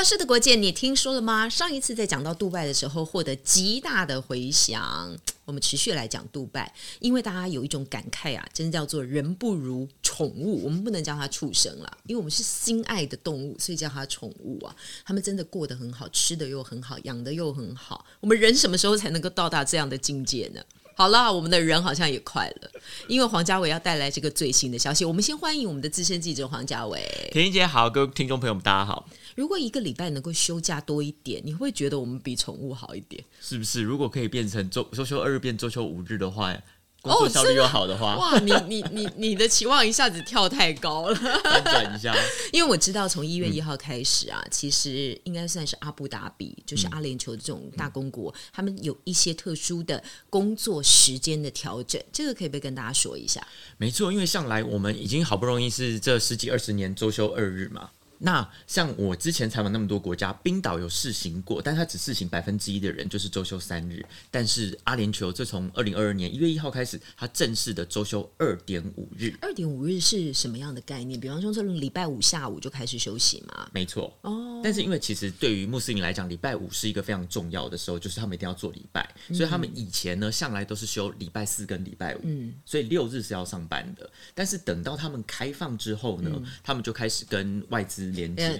消失的國界，你聽說了嗎？上一次在講到杜拜的時候，獲得極大的回響。我們持續來講杜拜，因為大家有一種感慨啊，真的叫做人不如寵物。我們不能叫它畜生了，因為我們是心愛的動物，所以叫它寵物啊。他們真的過得很好，吃的又很好，養的又很好。我們人什麼時候才能夠到達這樣的境界呢？好啦，我們的人好像也快了，因為黃家瑋要帶來這個最新的消息。我們先歡迎我們的資深記者黃家瑋。天怡姐，好，各位聽眾朋友們，大家好。如果一個禮拜能夠休假多一點，你會不會覺得我們比寵物好一點，是不是？如果可以變成周周休二日變周休五日的話。工作效率又好的話，哦的，哇！你你你你的期望一下子跳太高了， 反轉，轉一下。 因為我知道從一月一號開始啊，嗯、其實應該算是阿布達比，就是阿聯酋這種大公國，嗯、他們有一些特殊的工作時間的調整，嗯、這個可以不可以跟大家說一下？沒錯，因為向來我們已經好不容易是這十幾二十年周休二日嘛。那像我之前採訪那麼多國家，冰島有試行過，但他它只試行百分之一的人，就是周休三日。但是阿聯酋就從二零二二年一月一號開始，它正式的周休二點五日。二點五日是什麼樣的概念？比方說，這禮拜五下午就開始休息嗎？沒錯。哦、oh.。但是因為其實對於穆斯林來講，禮拜五是一個非常重要的時候，就是他們一定要做禮拜，所以他們以前呢，向來都是休禮拜四跟禮拜五。嗯。所以六日是要上班的。但是等到他們開放之後呢，嗯、他們就開始跟外資。連接嘛，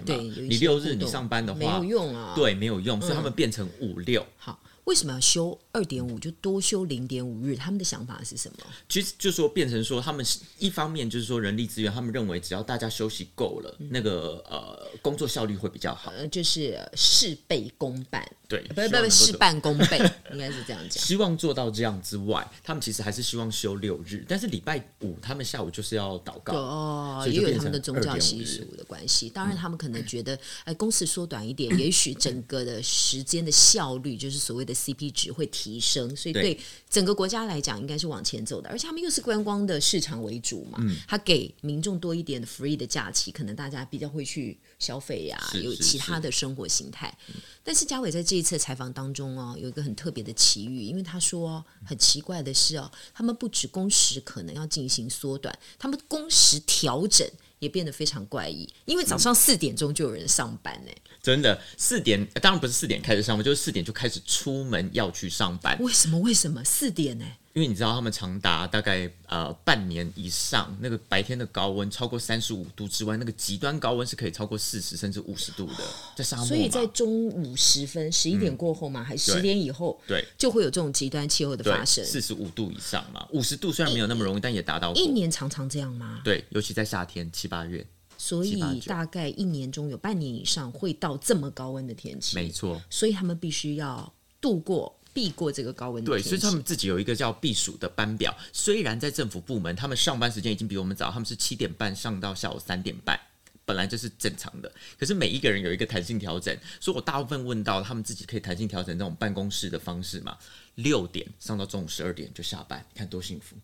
你六日你上班的話，沒有用啊，對，沒有用，所以他們變成五六好。為什麼要休二點五，就多休零點五日？他們的想法是什麼？其實就說變成說，他們一方面就是說人力資源，他們認為只要大家休息夠了、嗯，那個呃工作效率會比較好，呃就是事倍功半，對，不不不事半功倍， 應該是這樣講。希望做到這樣之外，他們其實還是希望休六日，但是禮拜五他們下午就是要禱告哦，也有他們的宗教習俗的關係、嗯。當然，他們可能覺得哎、欸，公司縮短一點，嗯、也許整個的時間的效率、嗯、就是所謂的。CP 值會提升，所以對整個國家來講應該是往前走的。而且他們又是觀光的市場為主嘛，嗯、他給民眾多一點的 free 的假期，可能大家比較會去消費呀、啊，有其他的生活形態、嗯。但是家瑋在這一次採訪當中哦，有一個很特別的奇遇，因為他說、哦、很奇怪的是哦，嗯、他們不止工時可能要進行縮短，他們工時調整。也變得非常怪異，因為早上四點鐘就有人上班哎、欸嗯，真的四點，當然不是四點開始上班，就是四點就開始出門要去上班。為什麼？為什麼四點呢、欸？因為你知道，他們長達大概呃半年以上，那個白天的高溫超過三十五度之外，那個極端高溫是可以超過四十甚至五十度的，在沙漠。所以在中午時分、十一點過後嘛，嗯、還是十點以後，對，對，就會有這種極端氣候的發生。四十五度以上嘛，五十度雖然沒有那麼容易，欸、但也達到。一年常常這樣嗎？對，尤其在夏天七八月。所以 7, 8, 9, 大概一年中有半年以上會到這麼高溫的天氣，沒錯。所以他們必須要度過。避過這個高溫，對，所以他們自己有一個叫避暑的班表。雖然在政府部門，他們上班時間已經比我們早，他們是七點半上到下午三點半，本來就是正常的。可是每一個人有一個彈性調整，所以我大部分問到他們自己可以彈性調整這種辦公室的方式嘛，六點上到中午十二點就下班，你看多幸福！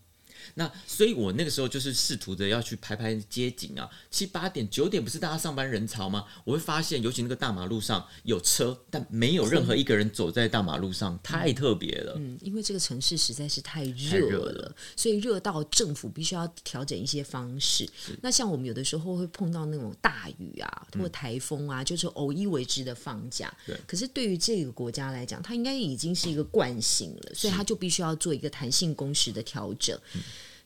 那所以，我那個時候就是試圖的要去拍拍街景啊，七八點、九點不是大家上班人潮嗎？我會發現，尤其那個大馬路上有車，但沒有任何一個人走在大馬路上，太特別了。嗯，因為這個城市實在是太熱了，熱了所以熱到政府必須要調整一些方式。那像我們有的時候會碰到那種大雨啊，或台風啊，嗯、就是偶一為之的放假。對。可是對於這個國家來講，它應該已經是一個慣性了，嗯、所以它就必須要做一個彈性工時的調整。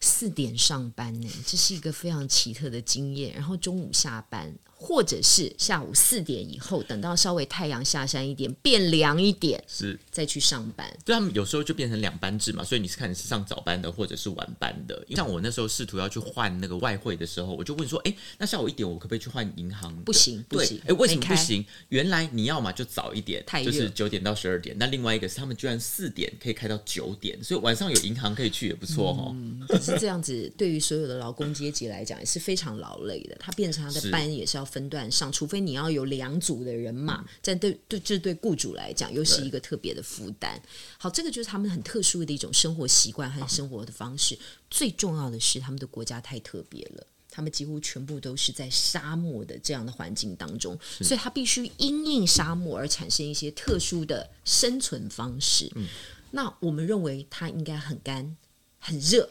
四點上班呢，這是一個非常奇特的經驗。然後中午下班，或者是下午四點以後，等到稍微太陽下山一點，變涼一點，是再去上班。對，他們有時候就變成兩班制嘛，所以你是看你是上早班的，或者是晚班的。像我那時候試圖要去換那個外匯的時候，我就問說：“哎，那下午一點我可不可以去換銀行？”不行，不行，哎，為什麼不行？原來你要嘛就早一點，就是九點到十二點。那另外一個是他們居然四點可以開到九點，所以晚上有銀行可以去也不錯哈、哦。嗯 這樣子，對於所有的勞工階級來講也是非常勞累的。他變成他的班也是要分段上，除非你要有兩組的人馬。嗯、但對對，這對僱主來講又是一個特別的負擔。好，這個就是他們很特殊的一種生活習慣和生活的方式。最重要的是，他們的國家太特別了，他們幾乎全部都是在沙漠的這樣的環境當中，所以他必須因應沙漠而產生一些特殊的生存方式。嗯、那我們認為它應該很乾、很熱。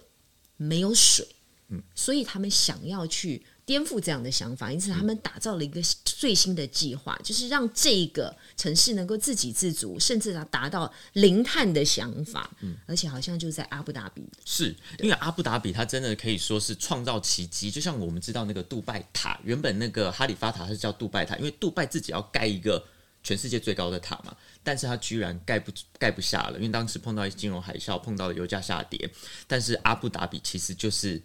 沒有水，嗯，所以他們想要去顛覆這樣的想法，因此他們打造了一個最新的計劃，嗯，就是讓這個城市能夠自給自足，甚至達到零碳的想法。嗯，而且好像就在阿布達比，是因為阿布達比，它真的可以說是創造奇蹟，就像我們知道那個杜拜塔，原本那個哈利法塔是叫杜拜塔，因為杜拜自己要蓋一個全世界最高的塔嘛。但是它居然蓋不蓋不下了，因為當時碰到一金融海嘯，碰到了油價下跌，但是阿布達比其實就是。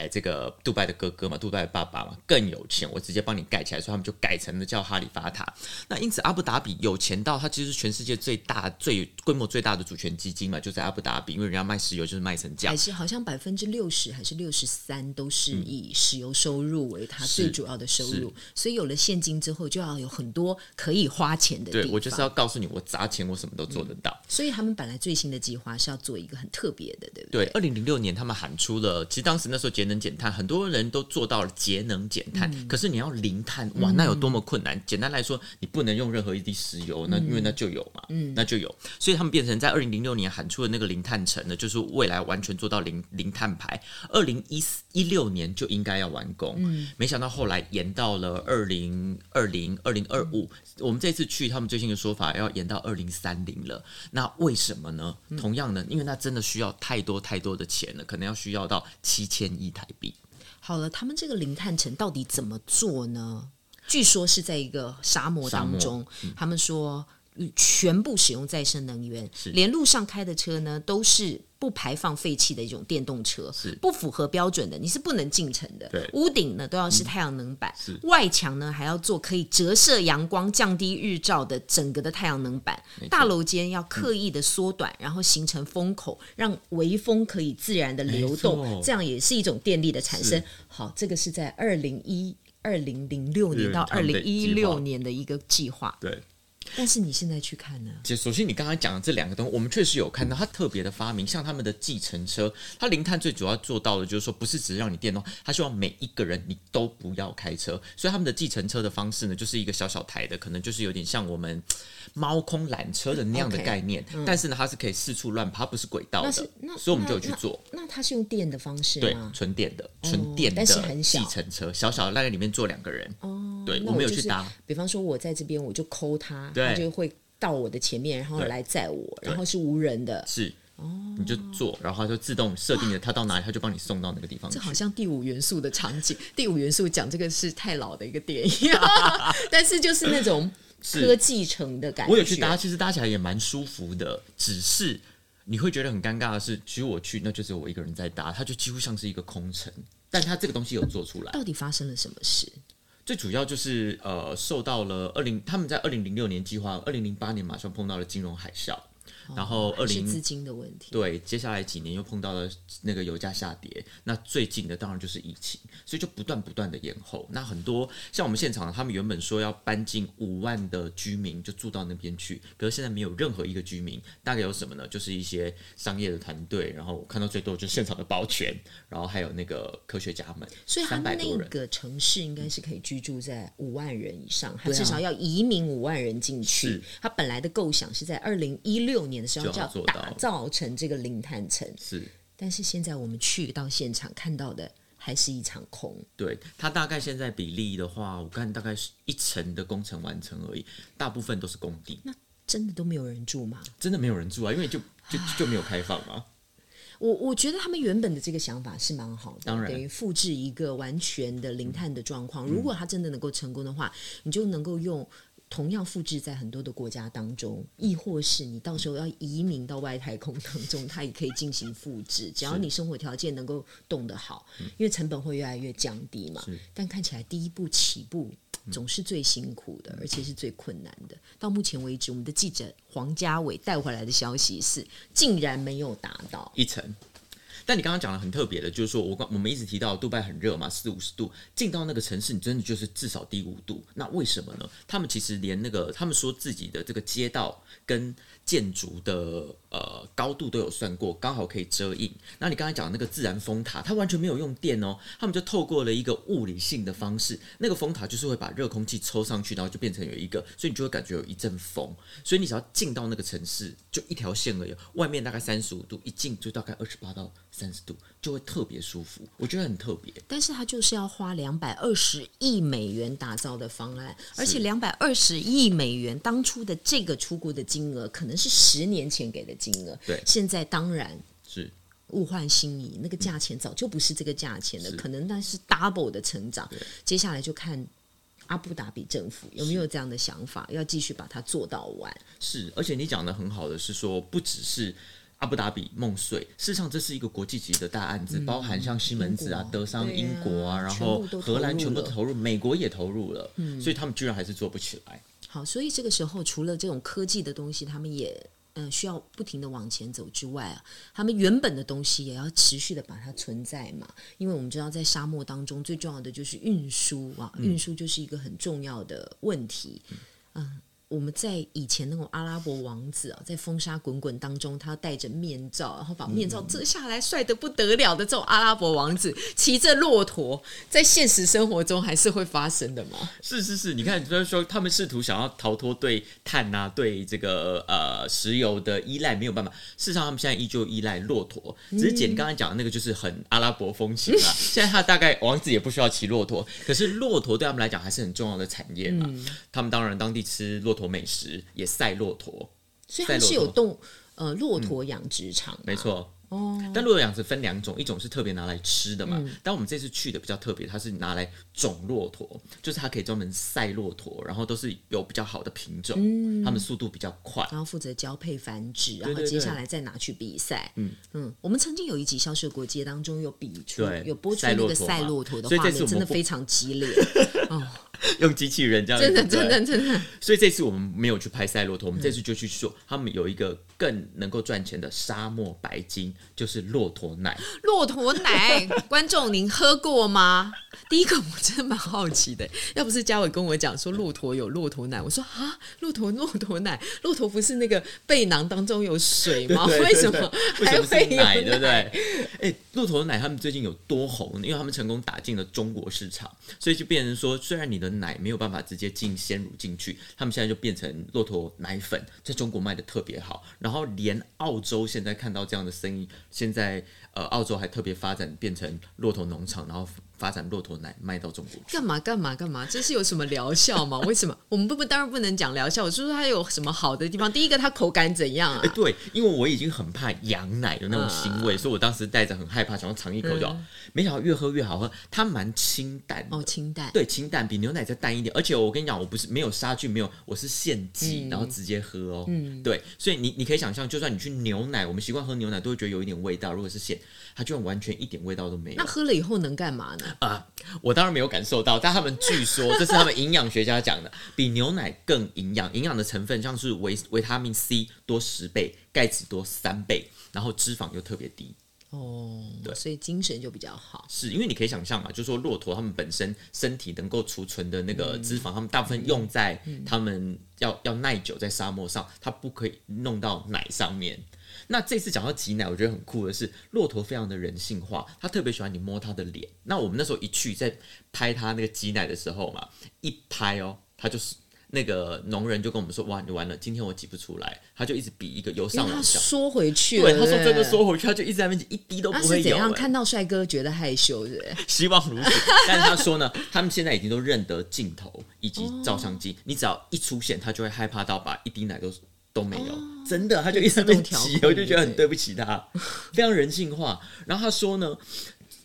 哎，這個杜拜的哥哥嘛，杜拜的爸爸嘛，更有錢，我直接幫你蓋起來，所以他們就改成了叫哈利法塔。那因此，阿布達比有錢到他其實是全世界最大、最規模最大的主權基金嘛，就在、是、阿布達比，因為人家賣石油就是賣成價，還是好像百分之六十還是六十三都是以石油收入為它、嗯、最主要的收入，所以有了現金之後，就要有很多可以花錢的地方。對我就是要告訴你，我砸錢，我什麼都做得到、嗯。所以他們本來最新的計劃是要做一個很特別的，對不對？對，二零零六年他們喊出了，其實當時那時候簡。能減碳，很多人都做到了節能減碳。嗯、可是你要零碳，哇，那有多麼困難，嗯？簡單來說，你不能用任何一滴石油。那、嗯、因為那就有嘛，嗯，那就有。所以他們變成在二零零六年喊出的那個零碳城呢，就是未來完全做到零零碳排。二零一四一六年就應該要完工，嗯，沒想到後來延到了二零二零二零二五。我們這次去，他們最新的說法要延到二零三零了。那為什麼呢，嗯？同樣呢，因為那真的需要太多太多的錢了，可能要需要到七千億。台幣，好了，他們這個零碳城到底怎麼做呢？據說是在一個沙漠當中，嗯、他們說全部使用再生能源，連路上開的車呢都是，不排放廢氣的一種電動車，不符合標準的，你是不能進城的。屋頂呢都要是太陽能板，嗯、外牆呢還要做可以折射陽光、降低日照的整個的太陽能板。大樓間要刻意的縮短、嗯，然後形成風口，讓微風可以自然的流動，這樣也是一種電力的產生。好，這個是在二零一二零零六年到二零一六年的一個計劃。對。但是你現在去看呢？就首先你剛剛講的這兩個東西，我們確實有看到。他特別的發明，像他們的計程車，它零碳最主要做到的就是說，不是只是讓你電動，它希望每一個人你都不要開車。所以他們的計程車的方式呢，就是一個小小台的，可能就是有點像我們貓空纜車的那樣的概念 okay，嗯。但是呢，它是可以四處亂爬，它不是軌道的。所以我們就有去做。那，那，那它是用電的方式，對，純電的，純電的計程車，哦、小，小小的那個裡面坐兩個人。哦，對，我，就是、我沒有去搭。比方說，我在這邊，我就摳它。他就會到我的前面，然後來載我，然後是無人的，是哦，你就坐，然後它就自動設定了，它到哪裡，它就幫你送到那個地方。這好像第五元素的場景， 第五元素講這個是太老的一個電影， 但是就是那種科技城的感覺。我有去搭，其實搭起來也蠻舒服的，只是你會覺得很尷尬的是，其實我去，那就只有我一個人在搭，它就幾乎像是一個空城。但它這個東西有做出來，到底發生了什麼事？最主要就是，呃，受到了二零，他們在二零零六年計劃，二零零八年馬上碰到了金融海嘯。然後二 20... 零是資金的問題，對，接下來幾年又碰到了那個油價下跌，那最近的當然就是疫情，所以就不斷不斷的延後。那很多像我們現場，他們原本說要搬進五萬的居民就住到那邊去，可是現在沒有任何一個居民。大概有什麼呢？就是一些商業的團隊，然後我看到最多就是現場的保全，然後還有那個科學家們。所以他們那個城市應該是可以居住在五萬人以上，他、嗯、至少要移民五萬人進去。他、啊、本來的構想是在二零一六年。就要打造成這個零碳城市，但是現在我們去到現場看到的還是一場空。對，它大概現在比例的話，我看大概是一成的工程完成而已，大部分都是工地。那真的都沒有人住嗎？真的沒有人住啊，因為就就就沒有開放嗎、啊？我我覺得他們原本的這個想法是蠻好的，當然等於複製一個完全的零碳的狀況、嗯。如果它真的能夠成功的話，你就能夠用。同樣複製在很多的國家當中，亦或是你到時候要移民到外太空當中，它也可以進行複製。只要你生活條件能夠動得好，因為成本會越來越降低嘛。但看起來第一步起步總是最辛苦的，嗯，而且是最困難的。到目前為止，我們的記者黃家瑋帶回來的消息是，竟然沒有達到一層。那你剛剛講的很特別的，就是說，我剛我們一直提到杜拜很熱嘛，四五十度，進到那個城市，你真的就是至少低五度。那為什麼呢？他們其實連那個，他們說自己的這個街道跟。建築的呃高度都有算過，剛好可以遮蔭。那你剛才講的那個自然風塔，它完全沒有用電哦，他們就透過了一個物理性的方式。那個風塔就是會把熱空氣抽上去，然後就變成有一個，所以你就會感覺有一陣風。所以你只要進到那個城市，就一條線而已。外面大概三十五度，一進就大概二十八到三十度，就會特別舒服。我覺得很特別。但是它就是要花兩百二十億美元打造的方案，而且兩百二十億美元當初的這個初估的金額可能是。是十年前給的金額，對，現在當然是物換星移，那個價錢早就不是這個價錢了。可能那是 double 的成長，接下來就看阿布達比政府有沒有這樣的想法，要繼續把它做到完。是，而且你講的很好的是說，不只是阿布達比夢碎，事實上這是一個國際級的大案子，嗯、包含像西門子啊、德商、啊、英國啊，然後荷蘭全部投入，美國也投入了，嗯，所以他們居然還是做不起來。好，所以這個時候，除了這種科技的東西，他們也嗯、呃、需要不停的往前走之外啊，他們原本的東西也要持續的把它存在嘛。因為我們知道，在沙漠當中最重要的就是運輸啊，嗯、運輸就是一個很重要的問題，嗯。我們在以前那種阿拉伯王子啊，在風沙滾滾當中，他戴着面罩，然後把面罩摘下來，帥得不得了的這種阿拉伯王子，騎着駱駝，在現實生活中還是會發生的嗎？是是是，你看就是說，他們試圖想要逃脫對碳啊、對這個呃石油的依賴，沒有辦法。事實上，他們現在依舊依賴駱駝，只是姐你剛才講的那個就是很阿拉伯風情了啊。現在他大概王子也不需要騎駱駝，可是駱駝對他們來講還是很重要的產業嘛。他們當然當地吃駱駝。駝美食也賽駱駝，所以它是有動呃駱駝養、呃、殖場、嗯，沒錯哦。但駱駝養殖分兩種，一種是特別拿來吃的嘛、嗯。但我們這次去的比較特別，它是拿來種駱駝，就是它可以專門賽駱駝，然後都是有比較好的品種、嗯，它們速度比較快，然後負責交配繁殖，然後接下來再拿去比賽。對對對嗯嗯，嗯，嗯，嗯，嗯，我們曾經有一集《消失的國界》當中有比出對，有播出那個賽駱、啊、駱駝的畫面，所以這次，真的非常激烈。 哦用機器人這樣，真的真的真的。所以這次我們沒有去拍賽駱駝，我們這次就去說、嗯，他們有一個更能夠賺錢的沙漠白金，就是駱駝奶。駱駝奶， 觀眾您喝過嗎？ 第一個我真的蠻好奇的。要不是家瑋跟我講說駱駝有駱駝奶，我說啊，駱駝駱駝奶，駱駝不是那個背囊當中有水嗎？對對對對，為什麼還背奶、奶，對不對？哎、欸，駱駝奶他們最近有多紅？因為他們成功打進了中國市場，所以就變成說，雖然你的奶。沒有辦法直接進鮮乳進去，他們現在就變成駱駝奶粉，在中國賣得特別好，然後連澳洲現在看到這樣的生意，現在。呃，澳洲還特別發展變成駱駝農場，然後發展駱駝奶賣到中國。幹嘛幹嘛幹嘛？這是有什麼療效嗎？ 為什麼我們不不當然不能講療效，我是說,說它有什麼好的地方。第一個，它口感怎樣啊？哎、欸，對，因為我已經很怕羊奶的那種腥味、呃，所以我當時帶着很害怕，想要嘗一口就好，就、呃、沒想到越喝越好喝。它蠻清淡，哦，清淡，對，清淡比牛奶再淡一點。而且我跟你講，我不是沒有殺菌，沒有，我是現擠、嗯、然後直接喝哦。嗯，對，所以你你可以想象，就算你去牛奶，我們習慣喝牛奶都會覺得有一點味道。如果是現它就完全一點味道都沒有。那喝了以後能幹嘛呢？啊，我當然沒有感受到，但他們據說 這是他們營養學家講的，比牛奶更營養，營養的成分像是維維他命 C 多十倍，鈣質多三倍，然後脂肪又特別低。哦，對，所以精神就比較好。是因為你可以想象嘛，就是說駱駝他們本身身體能夠儲存的那個脂肪、嗯，他們大部分用在他們要、嗯、要耐久在沙漠上，它不可以弄到奶上面。那這次講到擠奶，我覺得很酷的是，駱駝非常的人性化，他特別喜歡你摸他的臉。那我們那時候一去在拍他那個擠奶的時候嘛，一拍哦，他就是那個農人就跟我們說：“哇，你完了，今天我擠不出來。”他就一直比一個由上往下縮回去，對，他說真的縮回去，他就一直在那邊一滴都不會有他怎樣？看到帥哥覺得害羞的， 希望如此。但是他說呢， 他們現在已經都認得鏡頭以及照相機、哦，你只要一出現，他就會害怕到把一滴奶都。都沒有、哦，真的，他就一直被擠，我就覺得很對不起他、嗯，非常人性化。然後他說呢，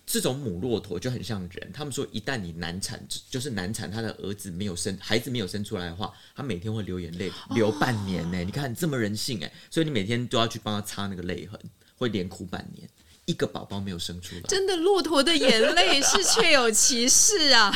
這種母駱駝就很像人，他們說一旦你難產，就是難產，他的兒子沒有生，孩子沒有生出來的話，他每天會流眼淚、哦，流半年呢、欸。你看這麼人性誒、欸，所以你每天都要去幫他擦那個淚痕，會連哭半年。一個寶寶沒有生出來，真的駱駝的眼淚是確有其事啊！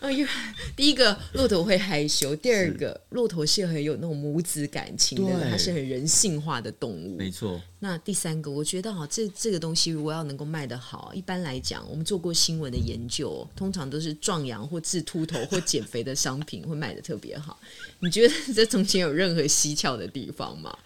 哎 呦、呃，第一個駱駝會害羞，第二個駱駝是很有那種母子感情的，它是很人性化的動物，沒錯。那第三個，我覺得哈、哦，這這個東西如果要能夠賣得好，一般來講，我們做過新聞的研究、嗯，通常都是壯陽或治禿頭或減肥的商品會賣得特別好。你覺得這中間有任何蹊蹺的地方嗎？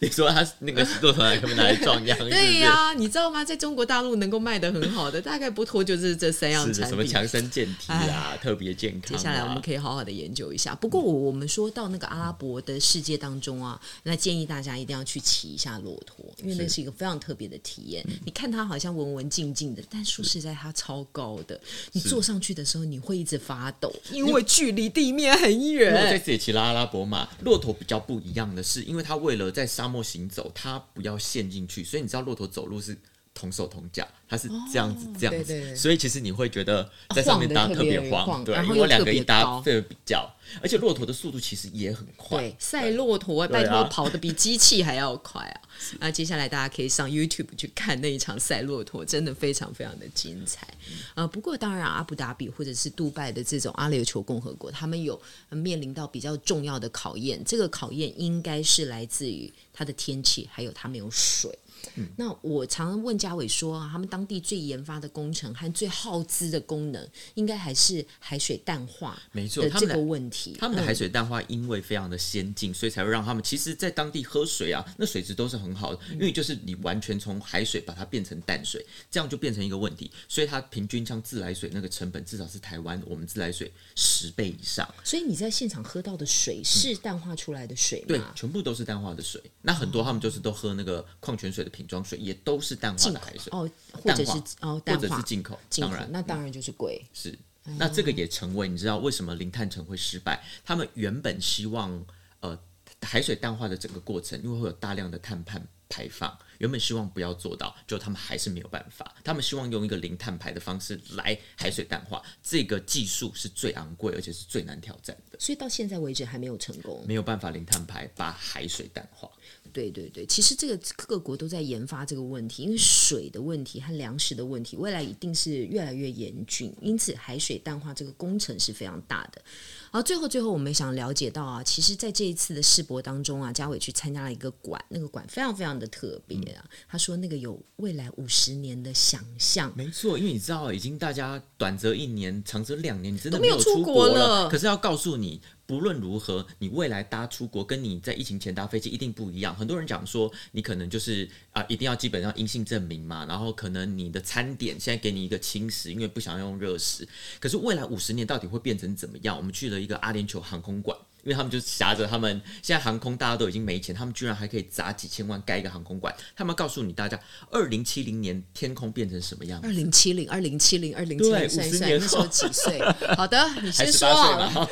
你說他那個駱駝還可以拿來壯陽？ 對呀、啊，你知道嗎？在中國大陸能夠賣得很好的，大概不脫就是這三樣產品：是什麼強身健體啊，特別健康、啊。接下來我們可以好好的研究一下。不過我們說到那個阿拉伯的世界當中啊，嗯、那建議大家一定要去騎一下駱駝，因為那是一個非常特別的體驗、嗯。你看它好像文文靜靜的，但說實在，它超高的。你坐上去的時候，你會一直發抖，因為距離地面很遠。我、嗯、這、嗯嗯嗯嗯嗯嗯、次也騎了阿拉伯馬，駱駝比較不一樣的是，因為它為了在沙漠行走，它不要陷進去，所以你知道駱駝走路是，同手同腳，它是這樣子，這樣子、哦對對對，所以其實你會覺得在上面搭特別晃特特對，然後特對，因為兩個一搭，對比較，嗯、而且駱駝的速度其實也很快，賽駱駝，拜托跑得比機器還要快啊！那接下來大家可以上 YouTube 去看那一場賽駱駝，真的非常非常的精彩。呃，不過當然，阿布達比或者是杜拜的這種阿聯酋共和國，他們有面臨到比較重要的考驗，這個考驗應該是來自於它的天氣，還有它沒有水。嗯、那我常常問家瑋說，他們當地最研發的工程和最耗資的功能，應該還是海水淡化的。沒錯，這個問題，他們的海水淡化因為非常的先進、嗯，所以才會讓他們其實，在當地喝水啊，那水質都是很好的、嗯。因為就是你完全從海水把它變成淡水，這樣就變成一個問題。所以它平均像自來水那個成本至少是台灣我們自來水十倍以上。所以你在現場喝到的水是淡化出來的水嗎？嗯、對，全部都是淡化的水。那很多他們就是都喝那個礦泉水的。瓶裝水也都是淡化的海水，哦，或者是哦淡化，或者是進口，口，當然，那當然就是貴。是，嗯，那這個也成為你知道為什麼零碳城會失敗？他們原本希望呃海水淡化的整個過程，因為會有大量的碳排排放，原本希望不要做到，就他們還是沒有辦法。他們希望用一個零碳排的方式來海水淡化，這個技術是最昂貴，而且是最難挑戰的。所以到現在為止還沒有成功，沒有辦法零碳排把海水淡化。對對對，其實這個各個國都在研發這個問題，因為水的問題和糧食的問題，未來一定是越來越嚴峻。因此，海水淡化這個工程是非常大的。好，最後最後，我們想了解到啊，其實在這一次的世博當中啊，家瑋去參加了一個館，那個館非常非常的特別啊。他、嗯、說那個有未來五十年的想象。沒錯，因為你知道，已經大家短則一年，長則兩年，你真的沒有，沒有出國了。可是要告訴你。不論如何，你未來搭出國跟你在疫情前搭飛機一定不一樣。很多人講說，你可能就是啊，一定要基本上陰性證明嘛，然後可能你的餐點現在給你一個輕食，因為不想要用熱食。可是未來五十年到底會變成怎麼樣？我們去了一個阿聯酋航空館。因為他們就挾著，他們現在航空，大家都已經沒錢，他們居然還可以砸幾千萬蓋一個航空館。他們告訴你大家，二零七零年天空變成什麼樣？二零七零，二零七零，二零七零，對，五十年那幾歲？好的，你先說吧。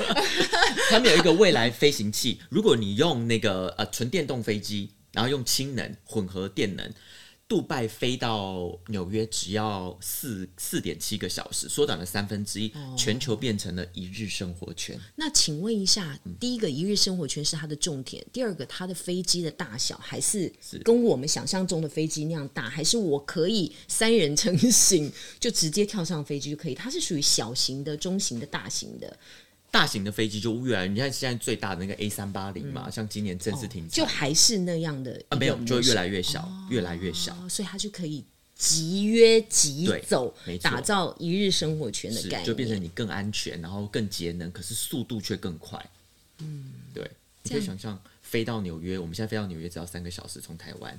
他們有一個未來飛行器，如果你用那個呃純電動飛機，然後用氫能混合電能。杜拜飛到紐約只要四四點七個小時，縮短了三分之一，全球變成了一日生活圈。那請問一下，第一個一日生活圈是它的重點，嗯、第二個它的飛機的大小還是跟我們想象中的飛機那樣大，還是我可以三人成行就直接跳上飛機就可以？它是屬於小型的、中型的、大型的？大型的飛機就越來越，你看現在最大的那個 A 三八零嘛，嗯，像今年正式停，哦，就還是那樣的啊，沒有，就越來越小。哦，越來越小，哦，所以它就可以即約即走，打造一日生活圈的概念，就變成你更安全，然後更節能，可是速度卻更快。嗯，對，你可以想象飛到紐約，我們現在飛到紐約只要三個小時，從台灣。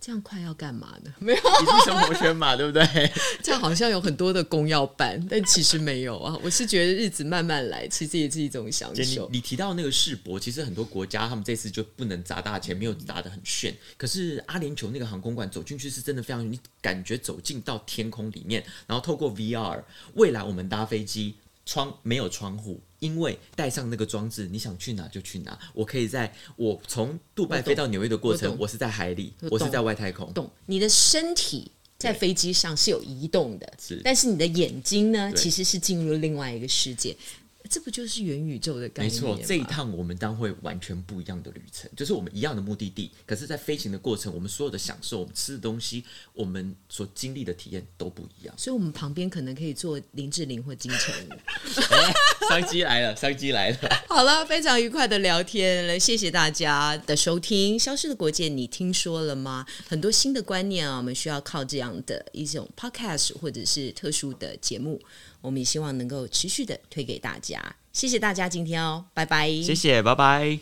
這樣快要幹嘛呢？沒有，你是生活圈嘛， 對不對？這樣好像有很多的工要辦， 但其實沒有啊。我是覺得日子慢慢來，其實也是一種享受。你，你提到那個世博，其實很多國家他們這次就不能砸大錢，沒有砸得很炫。可是阿聯酋那個航空館走進去是真的非常，你感覺走進到天空裡面，然後透過 VR，未來我們搭飛機。窗，沒有窗戶，因為戴上那個裝置，你想去哪就去哪。我可以在我從杜拜飛到紐約的過程，我我，我是在海裡，我，我是在外太空。你的身體在飛機上是有移動的，但是你的眼睛呢，其實是進入另外一個世界。這不就是元宇宙的概念？沒錯，這一趟我們當會完全不一樣的旅程，就是我們一樣的目的地，可是，在飛行的過程，我們所有的享受，我們吃的東西，我們所經歷的體驗都不一樣。所以，我們旁邊可能可以坐林志玲或金城武。商 機、欸、來了，商 機來、來了。好了，非常愉快的聊天了，謝謝大家的收聽，《消失的國界》，你聽說了嗎？很多新的觀念啊，我們需要靠這樣的一種 podcast 或者是特殊的節目。我們也希望能夠持續的推給大家，謝謝大家今天哦，拜拜，謝謝，拜拜。